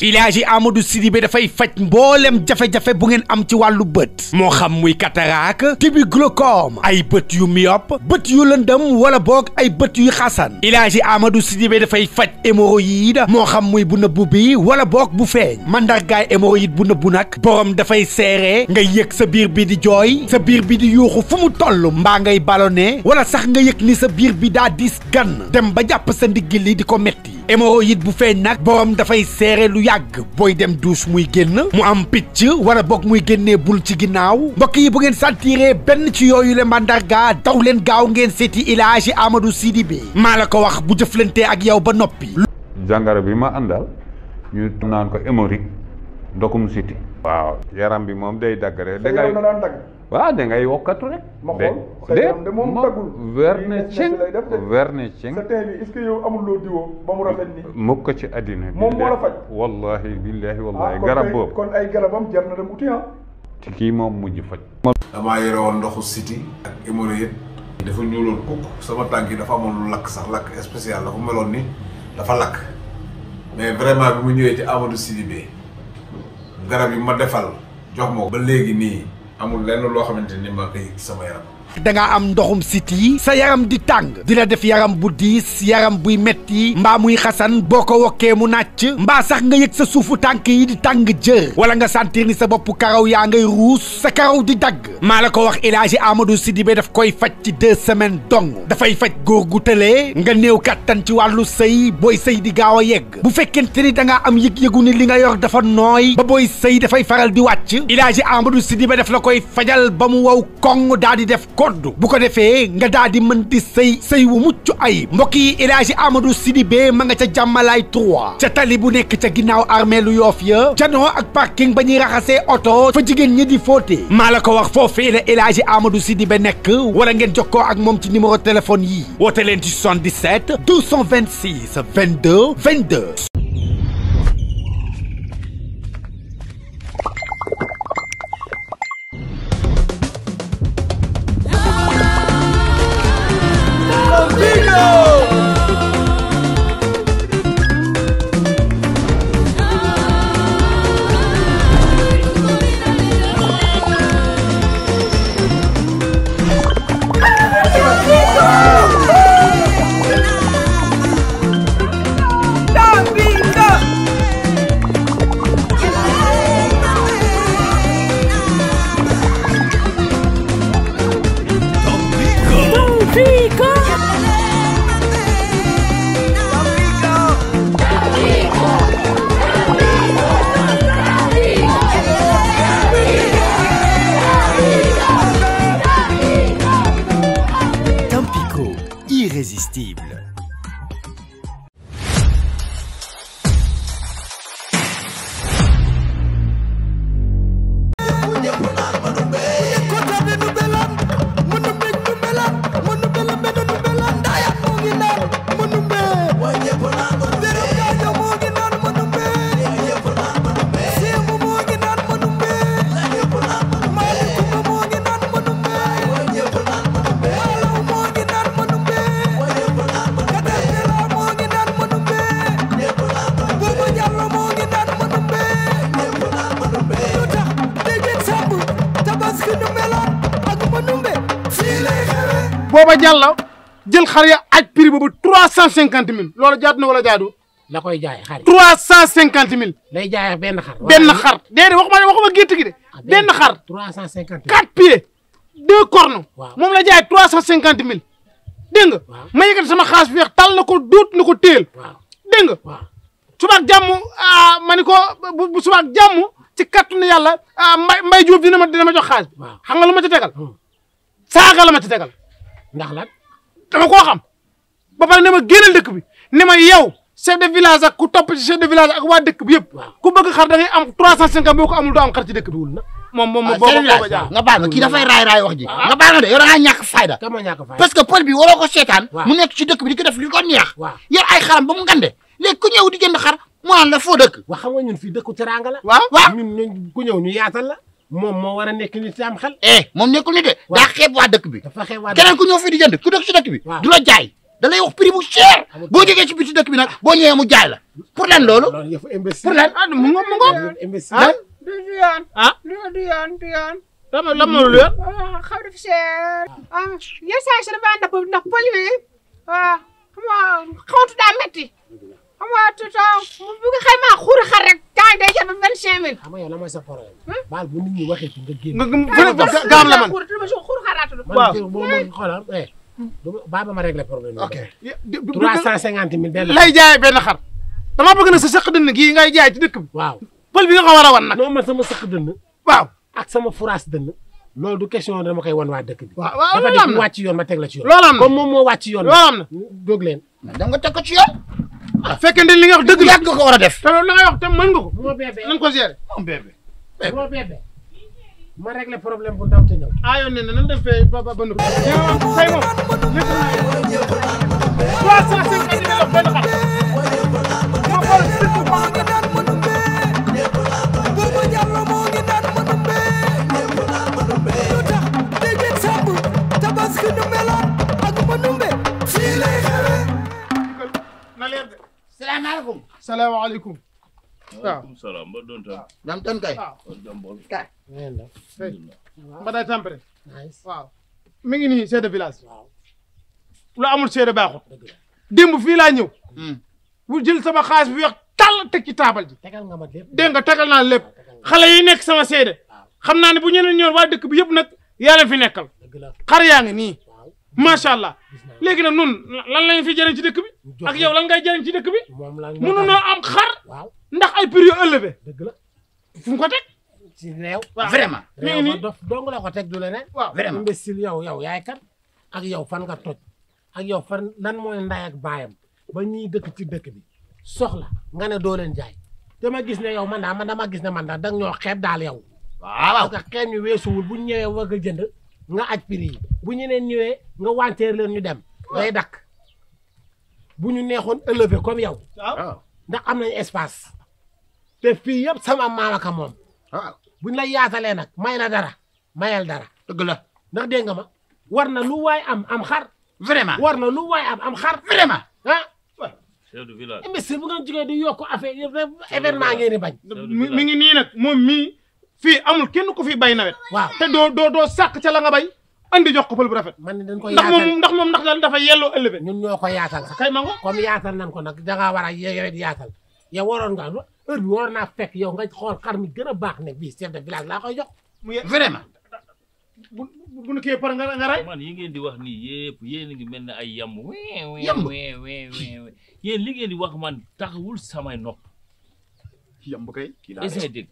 Ilaaji Amadou Sidibé dafay faj mboolem jafe-jafe bu ngeen am ci wàllu bët moo xam muy cataracte début ay bët yu myope bët yu lëndëm wala boog ay bët yu xasan Ilaaji Amadou Sidibé dafay faj hémorroïde moo xam muy bu nëbbu bi wala boog bu feeñ mandargaay hémorroïde bu nëbbu nag borom dafay seere nga yëg sa biir bi di jooy sa biir bi di yuuxu fu mu toll mbaa ngay ballonné wala sax nga yëg ni sa biir bi daa diis gan dem ba jàpp sa ndigg li di ko metti it bu feeñ nag borom dafay seere lu yàgg booy dem douche muy génn mu am picc wala boog muy génnee bul ci ginnaaw mbokk yi bu ngeen sentiree benn ci yooyu le mandarga daw leen gaaw ngeen seeti amadu Amadou bi maa la ko wax bu jëflantee ak yow ba noppi. jàngoro bi ma àndal ñu naan ko hémorroïde ndoxum siti waaw yaram bi moom day dagg rek. da ngay waaw da ngay wokkatu rek. ma xool de moom tagul weer na ceng weer na ceng. sa teen bi est-ce que yow ci àddina moom moo la faj. wallaahi billaahi wallaahi garab boobu kon ay garabam jar na dem uti ah. te kii moom mujj faj. damaa yore woon ndoxu siti ak hémorroïde dafa ñuuloon kukk sama tànk yi dafa amoon lu lakk sax lakk spécial dafa meloon ni dafa lakk mais vraiment bi mu ñëwee ci Amadou Sidibé garab yi ma defal jox ma ba léegi nii. amul lenn loo xamante ni ma koy sama yaram dangaa am ndoxum siti sa yaram di tàng la def yaram bu diis yaram buy metti mbaa muy xasan boo ko wokkee mu nàcc mbaa sax nga yëg sa suufu tànk yi di tàng jër wala nga sentir ni sa bopp karaw yaa ngay ruus sa karaw di dagg maa la ko wax El Hadji Amadou Sidibé daf koy faj ci deux semaines dong dafay faj góor gu tëlee nga néew kàttan ci wàllu sëy booy sëy di gaaw a yegg bu fekkente ni dangaa am yëg-yëgu ni li nga yor dafa nooy ba booy sëy dafay faral di wàcc El Hadji Amadou Sidibé daf la koy fajal ba mu wow koŋ daal di def koddu bu ko defee nga daa di mën di sëy sëy wu mucc ayib mbokk yi El Hadji Amadou ma nga ca jàmmalaay 3 ca tali bu nekk ca ginnaaw armée lu yoof ya janoo ak parking ba ñuy raxasee oto fa jigéen ñi di fóote maa la ko wax foofee la El Hadji Amadou nekk wala ngeen jokkoo ak moom ci numéro téléphone yi woote leen ci 77 226 22 22 booba jàlla jël xar ya aj prix boobu trois cent cinquante mille loolu jaadu na wala jaadu. la koy jaay xar yi trois cent cinquante mille. lay jaay benn xar. benn xar déedéet waxuma waxuma gerte gi de. Ah, benn xar trois cent cinquante quatre pieds deux cornes. moom la jaay trois cent cinquante mille. dégg nga. ma yëkkati sama xaas bi tal na ko duut na ko téel. waaw dégg nga. subaak jàmm ah ma ni ko bu bu subaak jàmm ci kàttanu yàlla ah mbay mbay Diop dina ma dina ma jox xaas bi. xam nga lu ma ci tegal. Hmm. saaga la ma ci tegal. ndax lan dama koo xam ba pare ne ma génnal dëkk bi ne ma yow chef de village ak ku waa dëkk bi yëpp. ku bëgg xar da ngay am 350 boo ko amul doo am xar ci dëkk bi wul na. moom moom ah, boo ko boo ko jaa nga baal ma kii dafay raay raay wax ji. Ah. nga baal ma de yow da ngaa ñàkk fayda. parce que pël bi waroo ko mu nekk ci dëkk bi di ko def li ko neex. ay xaram ba mu ngande léegi ku ñëw di jënd xar mu naan la foo dëkk. waaw xam nga ñun fii dëkku teraanga la. wa waaw ñun ku ñëw ñu yaatal la moom moo war a nekk nit si am xel. Eh, moom nekkul ni de. waaw daa xeeb waa dëkk bi. dafa xeeb waa dëkk bi keneen ku ñëw fi di jënd ku dëkk si dëkk bi. waaw du la jaay da lay wax prix bu cher. boo jógee ci biti dëkk bi nag boo ñëwee mu jaay la. pour lan loolu. loolu yëfu imbécile pour lan ah mu ngoog mu ngoog. ah du yoon. ah du yoon du yoon. dama lan moo lu yoon. Ah, xaw dafa cher. ah yenn saa yi sax dafa ànd ak ndax poli bi ah xaw ma xawatu daa métti. xam nga tonton bu nga xaymaa xuur xar rek temps day jar ba vingt nga yow lan mooy sa problème. Hmm? baal bu nit ñi ci nga génn. nga gaam la man xuur xaratul. waaw man xoolal eh. baa ba ma réglé problème ok trois cent cinquante mille lay jaayee benn xar damaa bëgg na sa sëq dënn gii nga jaay ci dëkk bi. waaw pël bi nga ko war a wan nag. non man sama sëq dënn. waaw ak sama furaas dënn. loolu du question dama koy wan waa dëkk waaw waaw loolu am na dafa def wàcc yoon ma teg la ci yoon. loolu am na comme moom moo wàcc yoon. loolu am na dóog leen. da nga teg Ah, fekkente li nga wax dëgg la yàgg nga ko war a def. te loolu la nga wax te mën nga ko. bu ma beebee na nga ko gérer. moom beebee. bu ma beebee ma régler problème bu ndaw te ñëw. ah yow nan def fee ba ba ba nu. yow say moom lépp naa alaikum salam salaam ba mana, tan. dam tan kay. waaw kay. Tampere. waaw. mi ngi nii chef de village. lu amul hmm. jël sama xaalis bu weex tàll teg ci taabal ji. tegal nga ma lépp dégg nga tegal yi nekk sama seede. xam naa bu ñeneen ñoon waa dëkk bi yëpp nag yaa fi nekkal. xar macha allah léegi nag nun lan lañ fi jëriñ ci dëkk bi ak yow lan ngay jëriñ ci dëkk bi mënunoo am xar ndax ay prix yu dëgg la mu ko teg ci réew vraiment réew ma dof dong la ko teg du leneen waaw vraiment imbécile yow yow yaay kan ak yow fan nga toj ak yow fan lan mooy nday ak baayam ba ñuy dëkk ci dëkk bi soxla nga ne doo leen jaay dama gis ne yow man daa man ma gis ne man daa dang ñoo xeeb daal yow waaw parce que xeeb ñu weesuwul bu ñu ñëwee war a jënd nga aj prix bu ñu neen ñëwee nga wanteer leen ñu dem day dakk bu ñu neexoon élevé comme yow ndax am nañ espace te fii yëpp sama maamaka moom bu ñu la yaatalee nag may la dara mayal dara dëgg la ndax dégg nga ma war na lu waay am am xar vraiment war na lu waay am am xar vraiment ah chef de village bu ngeen jógee di yokk affaire événement ngeen di bañ mi ngi nii nag moom mii Fi amul kenn ku fi bay nawet. waaw te do do do sak ci la nga bay. andi jox ko pul bu rafet. man dañ ko yaatal ndax mom ndax mom ndax dal dafa yello ëllëg. ñun ñoko ko yaatal. kay ma ngo comme yaatal nañ ko nak da nga wara a yaatal ya waron nga heure bi war na fek yow nga xol xar mi gëna bax ne bi chef de village la koy jox. vraiment. bu bu nu kii par nga nga ray man yi ngeen di wax ni yépp yeen ngi melni ay yam wé wé wé wé wé yeen li ngeen di wax man taxawul samay nopp. yam kay. la essay dégg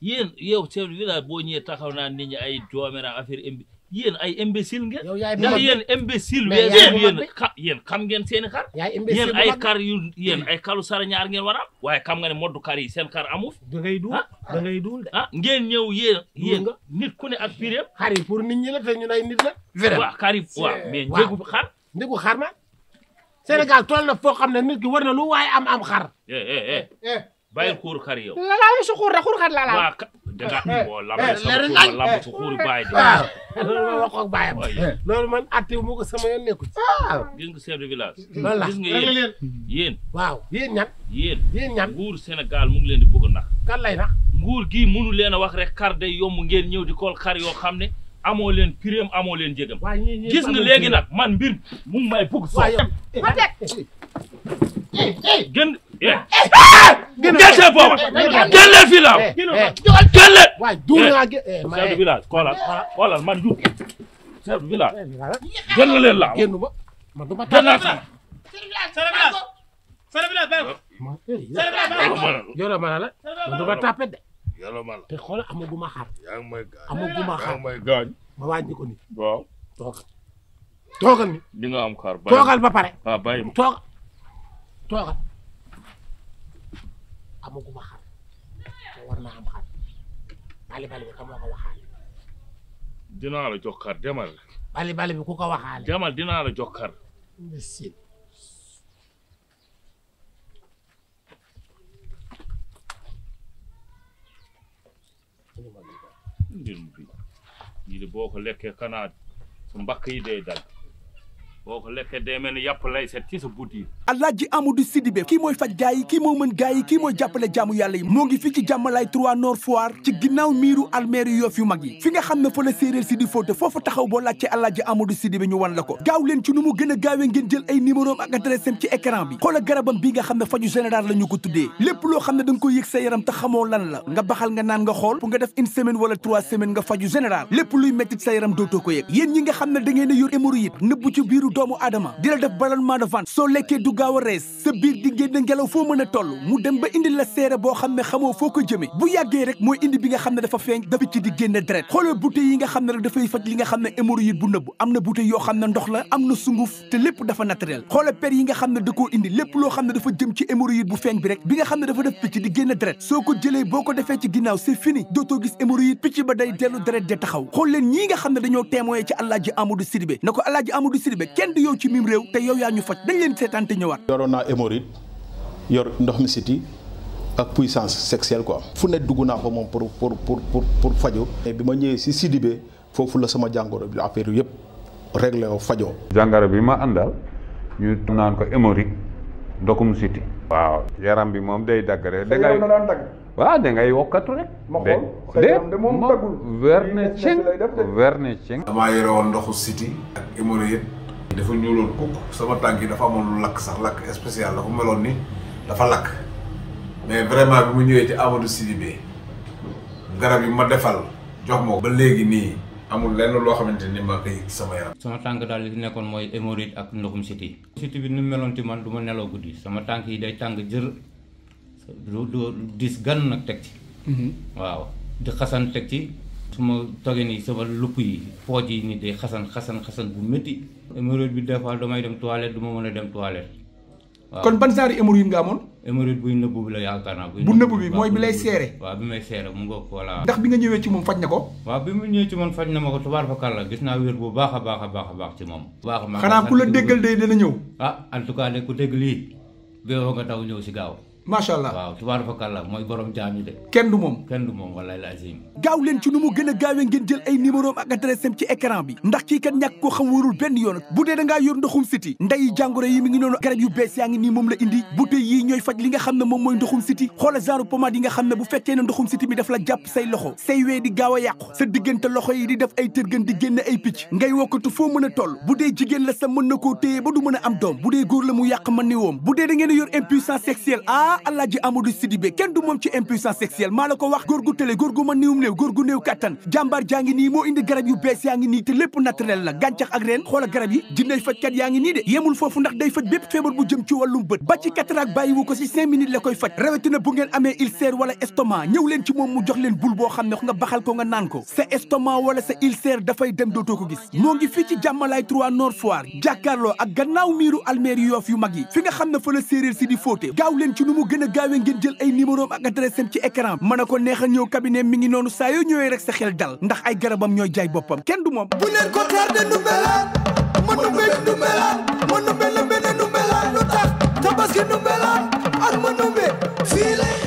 yéen yow chef de village boo ñëwee taxaw naa nit ñi ay dooméra affaire imbi yéen ay imbécile ngeen. yow yaay ndax yéen imbécile. yéen xam ngeen seeni xar. yaay imbécile yéen ay xar yu yéen ay xalu sara ñaar ngeen war waaye xam nga ne moddu xar yi seen xar amu fi. da ah, ah, ngeen ñëw yéen yéen nit ku ne ak yi pour nit ñi la te ñun vraiment waaw xar yi waaw mais njëgu xar. njëgu xar na Sénégal toll na foo xam ne nit ki war na lu waaye am am xar. Eh, eh, eh. bayil kuur kar yow la la su kuur kuur kar la la wa da nga bo la ma sa la su kuur baay de loolu wax ak baayam man atti mu ko sama yoon nekku ci gis nga chef de village gis nga yeen yeen waaw yeen ñan yeen yeen ñan nguur sénégal mu ngi leen di bëgg nax kan lay nax nguur gi mënu leen wax rek kar day yomb ngeen ñëw di kool kar yoo xam ne amoo leen pireem amoo leen gis nga léegi nag man mbir mu may bëgg so gën eh gerte booba gelle fii la am gelle. waay duuru naa eh, ge. Eh. chef de village xoolal xoolal man ju chef de village gelle leen la am génn ba man du ma tànn. Sërëbila baaxul. Sërëbila baaxul. Yoro ma la man du ma tapé de. Yoro ma la te xool amaguma xaar. yaa ngi may gaañ amaguma xaar may gaañ. ma wàññi ko nii. waaw toogal. toogal ni di nga am xaar bàyyi toogal ba pare. ah bàyyi toogal toogal. amaguma xar te war naa am dinaa la jox xar bali bali bi ku ko waxaale. demal dinaa la jox xar. merci. ndir boo ko lekkee xanaa sa mbakk yi day dal boo ko lekkee day mel ni yàpp lay set ci sa alaaji amadou sidibe kii mooy faj gaay yi kii moo mën gaay yi kii mooy jàppale jaamu yàlla yi moo ngi fii ci jàmmalaay 3 nord foire ci ginnaaw miiru almeeri yoof yu mag yi fi nga xam ne fa la séeréer si di fóote foofu taxaw boo laajte alaaji amadou sidibe ñu wan la ko gaaw leen ci nu gën a ngeen jël ay numéro ak adresse am ci écran bi xoola garabam bi nga xam ne faju général la ñu ko tuddee lépp loo xam ne da nga ko yëg sa yaram lan la nga baxal nga naan nga xool pour nga def une semaine wala trois semaines nga faju xam ne da ngeen a yor hémorroïde nëbbu ci biiru doomu gaaw a rees sa biir ngelaw a mu dem ba indi la jëme bu rek indi bi nga dafa dafa ci yi nga rek dafay li nga hémorroïde bu ndox la sunguf te lépp dafa naturel per yi nga da indi lépp dafa jëm ci hémorroïde bu bi rek bi nga dafa def ci c'est fini gis hémorroïde ba day de taxaw leen nga dañoo ci Amadou Sidibé Amadou Sidibé kenn du yow ci mim te yow ñu dañ leen ñëwaat. yoroon naa hémorroïde yor ndox mi siti ak puissance ko quoi. fu ne dugg naa ko moom pour pour pour pour pour fajoo. bi ma ñëwee si Sidibé foofu la sama jàngoro bi affaire yëpp réglé woo fajoo. bi ma àndal ñu naan ko hémorroïde ndoxum siti waaw yaram bi moom day dagg rek. da ngay waaw da wokkatu rek. de moom ceng weer ceng. damaa yore woon ndoxu siti ak hémorroïde dafa ñuuloon kukk sama tànk yi dafa amoon lu lakk sax lakk spécial dafa meloon ni dafa lakk mais vraiment bi mu ñëwee ci amadou sidibé garab yi ma defal jox ma ba léegi nii amul lenn loo xamante ni ma koy sama yaram sama tànk daal li nekkoon mooy hémorroïde ak ndoxum siti siti bi nu meloon ci man du ma neloo guddi sama tànk yi day tàng jër du du dis gan nag teg ci mm-hmm. waaw di xasan teg ci su ma toogee nii sama lupp yi pooj yi nii day xasan xasan xasan bu metti hémorroïde bi des fois damay dem toilette duma ma mën a dem toilette. waaw kon ban genre hémorroïde nga amoon. hémorroïde buy nëbbu bi la yaakaar naa. bu nëbbu bi mooy bi lay seere. waaw bi may seere mu ngoog voilà. ndax bi nga ñëwee ci moom faj na ko. waaw bi mu ñëwee ci man faj na ma ko tubaar fa kàlla gis naa wér bu baax a baax a baax a baax ci moom. baax a xanaa ku la déggal day dana ñëw. ah en tout cas de ku dégg lii bee nga taw ñëw si gaaw. macha allah waaw tubaarfakalla mooy borom jaam de. kenn du moom kenn du moom walaay leen ci nu mu gën a gaawee ngeen jël ay numéro ak adresse am ci écran bi ndax kii kat ñàkk koo xam warul benn yoon bu dee da ngaa yor ndoxum siti ndeyi jàngoro yi mi ngi noonu garab yu bees yaa ngi nii moom la indi bouteille yii ñooy faj li nga xam ne moom mooy ndoxum siti xoola genre pomade yi nga xam ne bu fekkee ne ndoxum siti bi daf la jàpp say loxo say wee di gaaw a yàqu sa diggante loxo yi di def ay tërgën di génn ay picc ngay wokkatu foo mën a toll bu dee jigéen la sa na koo téye du mën a am doom bu dee góor la mu yàq man ni woom bu dee da ngeen yor impuissance sexuelle ah! ah alaaji amadou sidibé kenn du moom ci impuissance sexuelle maa la ko wax góor gu tële góor gu ma néewum néew góor gu néew kattan jàmbaar jaa ngi nii moo indi garab yu bees yaa ngi nii te lépp naturel la gàncax ak reen xoola garab yi jinnay fajkat yaa ngi nii de yemul foofu ndax day faj bépp feebar bu jëm ci wàllum bët ba ci cataracte bàyyiwu ko si cinq minutes la koy faj rawatina bu ngeen amee ulcère wala estomac ñëw leen ci moom mu jox leen bul boo mu gën a gaawee ngeen jël ay numéro am ak ci écran mën a ko neexal ñëw cabinet mi ngi noonu saa yoo ñëwee rek sa xel dal ndax ay garabam ñooy jaay boppam kenn du moom bu leen ko tardé nu mbelaan ma nu mbé nu mbelaan ma nu mbé la mbé nu mbelaan lu tax tabaski ak ma nu mbé